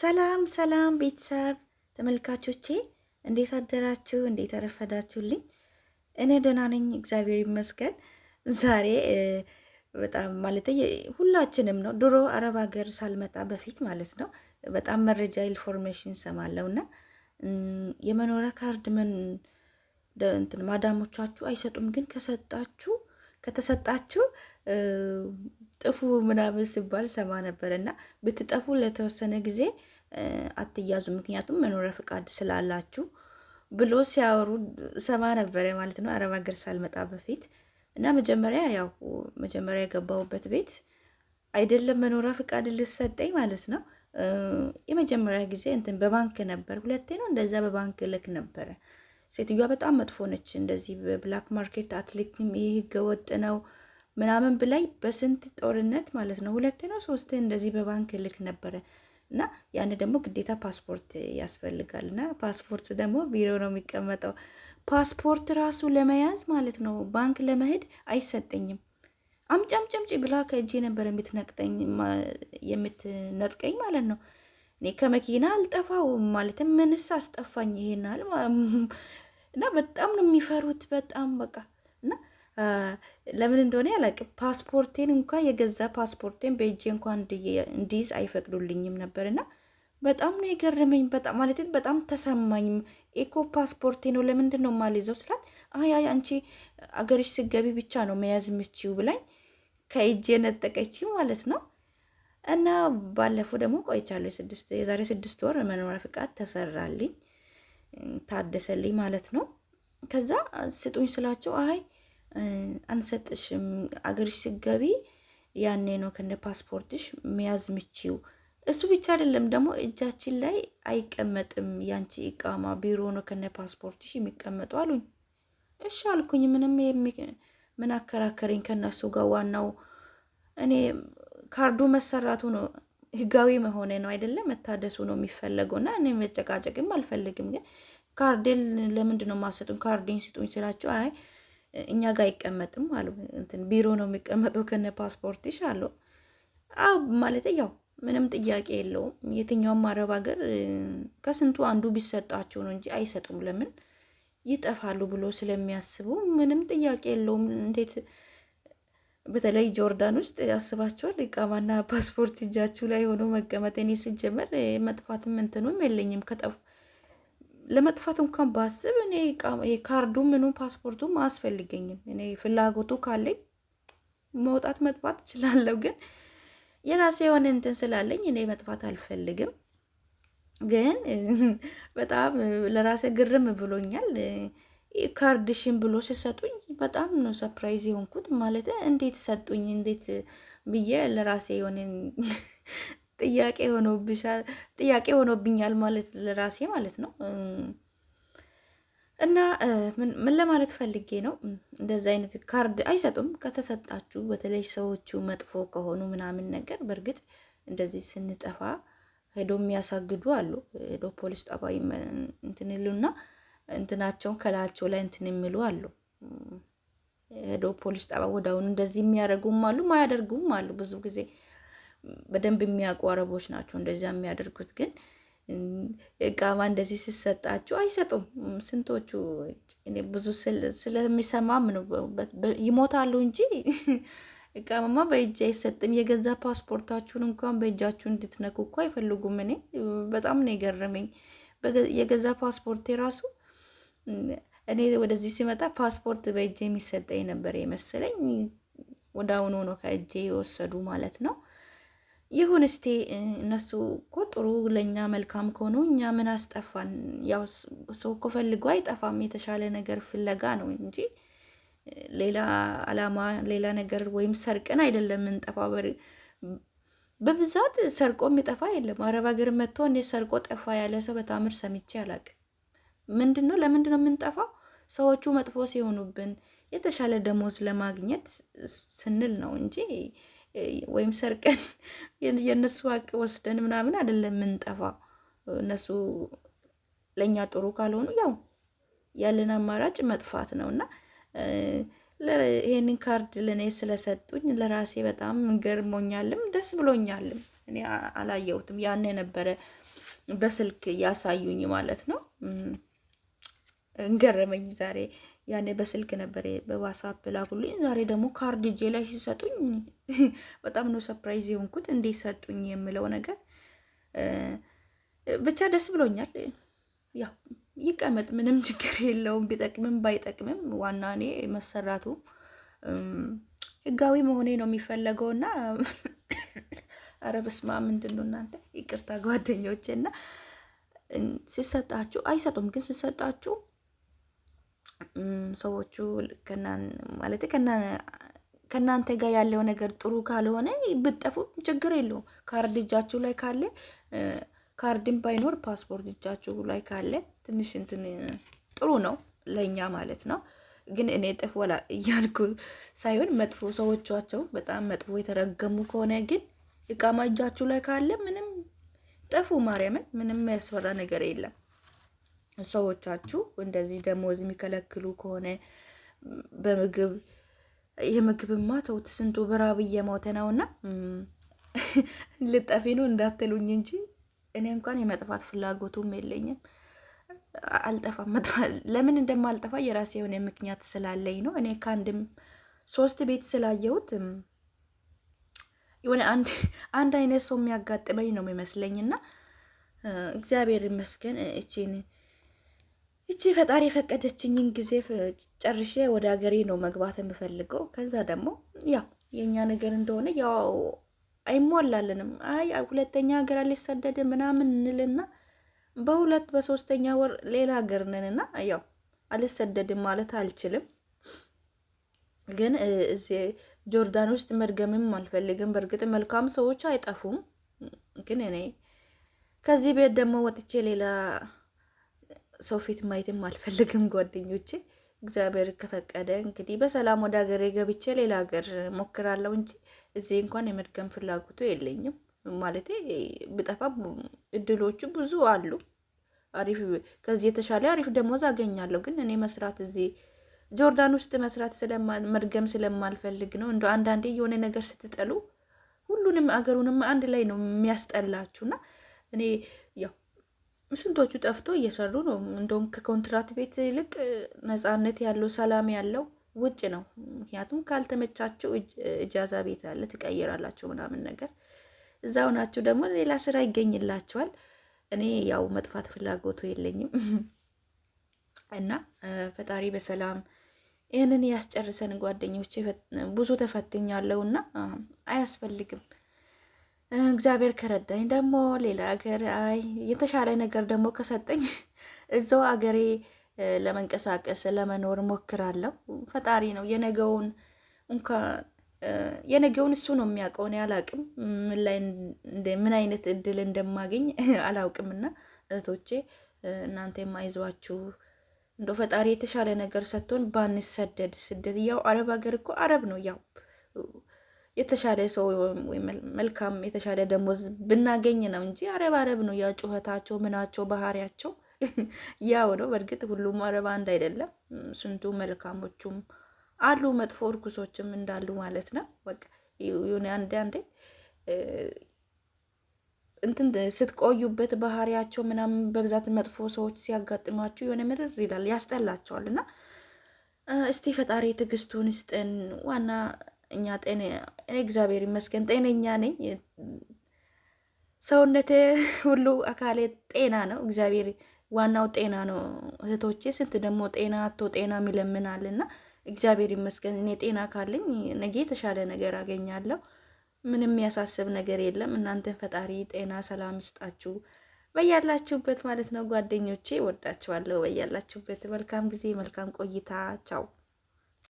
ሰላም ሰላም ቤተሰብ ተመልካቾቼ እንዴት አደራችሁ? እንዴት አረፈዳችሁልኝ? እኔ ደህና ነኝ እግዚአብሔር ይመስገን። ዛሬ በጣም ማለት ሁላችንም ነው። ድሮ አረብ ሀገር ሳልመጣ በፊት ማለት ነው በጣም መረጃ ኢንፎርሜሽን ሰማለው እና የመኖሪያ ካርድ ምን እንትን ማዳሞቻችሁ አይሰጡም፣ ግን ከሰጣችሁ ከተሰጣችሁ ጥፉ ምናምን ሲባል ሰማ ነበር እና ብትጠፉ ለተወሰነ ጊዜ አትያዙ፣ ምክንያቱም መኖሪያ ፈቃድ ስላላችሁ ብሎ ሲያወሩ ሰማ ነበረ ማለት ነው፣ አረብ ሀገር ሳልመጣ በፊት እና መጀመሪያ ያው መጀመሪያ የገባሁበት ቤት አይደለም መኖሪያ ፈቃድ ልሰጠኝ ማለት ነው። የመጀመሪያ ጊዜ እንትን በባንክ ነበር፣ ሁለቴ ነው እንደዛ በባንክ ልክ ነበረ። ሴትዮዋ በጣም መጥፎ ነች። እንደዚህ ብላክ ማርኬት አትልክም፣ ይህ ህገወጥ ነው ምናምን ብላይ በስንት ጦርነት ማለት ነው ሁለት ነው ሶስት እንደዚህ በባንክ ልክ ነበረ እና ያን ደግሞ ግዴታ ፓስፖርት ያስፈልጋል። እና ፓስፖርት ደግሞ ቢሮ ነው የሚቀመጠው። ፓስፖርት ራሱ ለመያዝ ማለት ነው ባንክ ለመሄድ አይሰጠኝም። አምጫምጨምጭ ብላ ከእጄ ነበር የምትነቅጠኝ የምትነጥቀኝ ማለት ነው። እኔ ከመኪና አልጠፋው ማለት ምንስ አስጠፋኝ ይሄናል እና በጣም ነው የሚፈሩት። በጣም በቃ ለምን እንደሆነ ያላቅ ፓስፖርቴን እንኳ የገዛ ፓስፖርቴን በእጄ እንኳ እንዲይዝ አይፈቅዱልኝም ነበርና በጣም ነው የገረመኝ። በጣም ማለት በጣም ተሰማኝም። ኢኮ ፓስፖርቴ ነው ለምንድን ነው የማልይዘው ስላት፣ አይ አይ አንቺ አገርሽ ስገቢ ብቻ ነው መያዝ ምችው ብላኝ ከእጄ ነጠቀች ማለት ነው። እና ባለፈው ደግሞ ቆይቻለሁ የዛሬ ስድስት ወር መኖሪያ ፍቃድ ተሰራልኝ ታደሰልኝ ማለት ነው። ከዛ ስጡኝ ስላቸው አይ አንሰጥሽም። አገርሽ ስገቢ ያኔ ነው ከነ ፓስፖርትሽ መያዝ ምችው። እሱ ብቻ አይደለም ደግሞ እጃችን ላይ አይቀመጥም ያንቺ እቃማ ቢሮ ነው ከነ ፓስፖርትሽ የሚቀመጡ አሉኝ። እሺ አልኩኝ። ምንም ምን አከራከረኝ ከነሱ ጋር። ዋናው እኔ ካርዱ መሰራቱ ነው ህጋዊ መሆነ ነው አይደለም፣ መታደሱ ነው የሚፈለገው። እና እኔ መጨቃጨቅም አልፈልግም። ግን ካርዴን ለምንድን ነው ካርዴን ስጡኝ ስላቸው አይ እኛ ጋር አይቀመጥም አሉ። እንትን ቢሮ ነው የሚቀመጠው ከነ ፓስፖርትሽ አሉ። አዎ ማለት ያው ምንም ጥያቄ የለውም። የትኛውም አረብ ሀገር ከስንቱ አንዱ ቢሰጣቸው ነው እንጂ አይሰጡም። ለምን ይጠፋሉ ብሎ ስለሚያስቡ ምንም ጥያቄ የለውም። እንዴት በተለይ ጆርዳን ውስጥ ያስባቸዋል። እቃማና ፓስፖርት እጃችሁ ላይ ሆኖ መቀመጥ እኔ ስጀመር መጥፋትም እንትኑም የለኝም ከጠፉ ለመጥፋት እንኳን ባስብ እኔ ካርዱ ምኑ ፓስፖርቱ አያስፈልገኝም። እኔ ፍላጎቱ ካለኝ መውጣት መጥፋት እችላለሁ። ግን የራሴ የሆነ እንትን ስላለኝ እኔ መጥፋት አልፈልግም። ግን በጣም ለራሴ ግርም ብሎኛል። ካርድሽን ብሎ ሲሰጡኝ በጣም ነው ሰፕራይዝ የሆንኩት። ማለት እንዴት ሰጡኝ እንዴት ብዬ ለራሴ የሆነ ጥያቄ ሆኖብሻል፣ ጥያቄ ሆኖብኛል ማለት ለራሴ ማለት ነው። እና ምን ለማለት ፈልጌ ነው፣ እንደዚህ አይነት ካርድ አይሰጡም። ከተሰጣችሁ በተለይ ሰዎቹ መጥፎ ከሆኑ ምናምን ነገር በእርግጥ እንደዚህ ስንጠፋ ሄዶ የሚያሳግዱ አሉ። ሄዶ ፖሊስ ጠባ እንትን ይሉና እንትናቸውን ከላያቸው ላይ እንትን የሚሉ አሉ። ሄዶ ፖሊስ ጠባ ወደ አሁኑ እንደዚህ የሚያደርጉም አሉ፣ ማያደርጉም አሉ ብዙ ጊዜ በደንብ የሚያውቁ አረቦች ናቸው እንደዚያ የሚያደርጉት። ግን እቃማ እንደዚህ ሲሰጣችሁ አይሰጡም። ስንቶቹ ብዙ ስለሚሰማም ይሞታሉ እንጂ እቃማማ በእጅ አይሰጥም። የገዛ ፓስፖርታችሁን እንኳን በእጃችሁ እንድትነኩ እኮ አይፈልጉም። እኔ በጣም ነው የገረመኝ። የገዛ ፓስፖርቴ ራሱ እኔ ወደዚህ ሲመጣ ፓስፖርት በእጅ የሚሰጠኝ ነበር የመሰለኝ። ወደ አሁኑ ነው ከእጄ የወሰዱ ማለት ነው። ይሁን እስቲ እነሱ እኮ ጥሩ ለእኛ መልካም ከሆኑ እኛ ምን አስጠፋን? ያው ሰው እኮ ፈልጎ አይጠፋም። የተሻለ ነገር ፍለጋ ነው እንጂ ሌላ አላማ፣ ሌላ ነገር ወይም ሰርቅን አይደለም ምንጠፋ። በብዛት ሰርቆ የሚጠፋ የለም። አረብ ሀገር መጥቶ እኔ ሰርቆ ጠፋ ያለ ሰው በታምር ሰምቼ አላቅም። ምንድን ነው ለምንድን ነው የምንጠፋው? ሰዎቹ መጥፎ ሲሆኑብን የተሻለ ደሞዝ ለማግኘት ስንል ነው እንጂ ወይም ሰርቀን የእነሱ ሀቅ ወስደን ምናምን አይደለም የምንጠፋ። እነሱ ለእኛ ጥሩ ካልሆኑ ያው ያለን አማራጭ መጥፋት ነው እና ይሄንን ካርድ ለእኔ ስለሰጡኝ ለራሴ በጣም ገርሞኛልም ደስ ብሎኛልም። እኔ አላየሁትም፣ ያን የነበረ በስልክ ያሳዩኝ ማለት ነው። እንገረመኝ ዛሬ ያኔ በስልክ ነበር በዋትሳፕ ላኩልኝ። ዛሬ ደግሞ ካርድ እጄ ላይ ሲሰጡኝ በጣም ነው ሰፕራይዝ የሆንኩት። እንዴት ሰጡኝ የምለው ነገር ብቻ ደስ ብሎኛል። ያው ይቀመጥ፣ ምንም ችግር የለውም። ቢጠቅምም ባይጠቅምም ዋና እኔ መሰራቱ ህጋዊ መሆኔ ነው የሚፈለገው አረ በስመ አብ ምንድን ነው እናንተ፣ ይቅርታ ጓደኞቼ እና ሲሰጣችሁ አይሰጡም፣ ግን ሲሰጣችሁ ሰዎቹ ማለት ከእናንተ ጋር ያለው ነገር ጥሩ ካልሆነ ብጠፉ ችግር የለውም። ካርድ እጃችሁ ላይ ካለ ካርድን ባይኖር ፓስፖርት እጃችሁ ላይ ካለ ትንሽ እንትን ጥሩ ነው ለእኛ ማለት ነው። ግን እኔ ጥፍ ወላ እያልኩ ሳይሆን መጥፎ ሰዎቻቸው በጣም መጥፎ የተረገሙ ከሆነ ግን እቃማ እጃችሁ ላይ ካለ ምንም ጥፉ፣ ማርያምን ምንም ያስፈራ ነገር የለም። ሰዎቻችሁ እንደዚህ ደሞዝ የሚከለክሉ ከሆነ በምግብ የምግብማ ተውት፣ ስንቱ በራብ እየሞተ ነውና ልጠፊ ነው እንዳትሉኝ እንጂ እኔ እንኳን የመጥፋት ፍላጎቱም የለኝም። አልጠፋም። ለምን እንደማልጠፋ የራሴ የሆነ ምክንያት ስላለኝ ነው። እኔ ከአንድም ሶስት ቤት ስላየሁት የሆነ አንድ አይነት ሰው የሚያጋጥመኝ ነው የሚመስለኝና እግዚአብሔር ይመስገን እቺን እቺ ፈጣሪ የፈቀደችኝን ጊዜ ጨርሼ ወደ ሀገሬ ነው መግባት የምፈልገው። ከዛ ደግሞ ያው የእኛ ነገር እንደሆነ ያው አይሟላልንም። አይ ሁለተኛ ሀገር አልሰደድም ምናምን እንልና በሁለት በሶስተኛ ወር ሌላ ሀገር ነንና ያው አልሰደድም ማለት አልችልም። ግን እዚህ ጆርዳን ውስጥ መድገምም አልፈልግም። በእርግጥ መልካም ሰዎች አይጠፉም። ግን እኔ ከዚህ ቤት ደግሞ ወጥቼ ሌላ ሰው ፊት ማየትም አልፈልግም ጓደኞቼ። እግዚአብሔር ከፈቀደ እንግዲህ በሰላም ወደ ሀገሬ ገብቼ ሌላ ሀገር ሞክራለሁ እንጂ እዚህ እንኳን የመድገም ፍላጎቱ የለኝም። ማለት ብጠፋ እድሎቹ ብዙ አሉ። አሪፍ ከዚህ የተሻለ አሪፍ ደሞዝ አገኛለሁ። ግን እኔ መስራት እዚህ ጆርዳን ውስጥ መስራት መድገም ስለማልፈልግ ነው። እንደ አንዳንዴ የሆነ ነገር ስትጠሉ ሁሉንም አገሩንም አንድ ላይ ነው የሚያስጠላችሁና እኔ ያው ስንቶቹ ጠፍቶ እየሰሩ ነው። እንደውም ከኮንትራት ቤት ይልቅ ነፃነት ያለው ሰላም ያለው ውጭ ነው። ምክንያቱም ካልተመቻቸው እጃዛ ቤት አለ ትቀይራላቸው ምናምን ነገር እዛው ናቸው ደግሞ ሌላ ስራ ይገኝላቸዋል። እኔ ያው መጥፋት ፍላጎቱ የለኝም እና ፈጣሪ በሰላም ይህንን ያስጨርሰን ጓደኞቼ። ብዙ ተፈትኛለሁ እና አያስፈልግም እግዚአብሔር ከረዳኝ ደግሞ ሌላ ሀገር አይ የተሻለ ነገር ደግሞ ከሰጠኝ እዛው አገሬ ለመንቀሳቀስ ለመኖር ሞክራለሁ። ፈጣሪ ነው የነገውን እንኳ የነገውን እሱ ነው የሚያውቀው። እኔ አላውቅም ምን አይነት እድል እንደማገኝ አላውቅምና እህቶቼ እናንተ የማይዟችሁ እንደ ፈጣሪ የተሻለ ነገር ሰጥቶን ባንሰደድ ስደት ያው አረብ ሀገር እኮ አረብ ነው ያው የተሻለ ሰው መልካም የተሻለ ደሞዝ ብናገኝ ነው እንጂ አረብ አረብ ነው። ያ ጩኸታቸው ምናቸው ባህሪያቸው ያው ነው። በእርግጥ ሁሉም አረብ አንድ አይደለም። ስንቱ መልካሞቹም አሉ፣ መጥፎ እርኩሶችም እንዳሉ ማለት ነው። በቃ አንዴ አንዴ እንትን ስትቆዩበት ባህሪያቸው ምናምን በብዛት መጥፎ ሰዎች ሲያጋጥሟቸው የሆነ ምርር ይላል፣ ያስጠላቸዋል። እና እስቲ ፈጣሪ ትዕግስቱን ስጠን ዋና እኛ እኔ እግዚአብሔር ይመስገን ጤነኛ ነኝ። ሰውነቴ ሁሉ አካሌ ጤና ነው። እግዚአብሔር ዋናው ጤና ነው እህቶቼ። ስንት ደግሞ ጤና አቶ ጤና ይለምናልና እግዚአብሔር ይመስገን እኔ ጤና ካለኝ ነገ የተሻለ ነገር አገኛለሁ። ምንም የሚያሳስብ ነገር የለም። እናንተን ፈጣሪ ጤና ሰላም ይስጣችሁ በያላችሁበት ማለት ነው። ጓደኞቼ ወዳችኋለሁ። በያላችሁበት መልካም ጊዜ መልካም ቆይታ። ቻው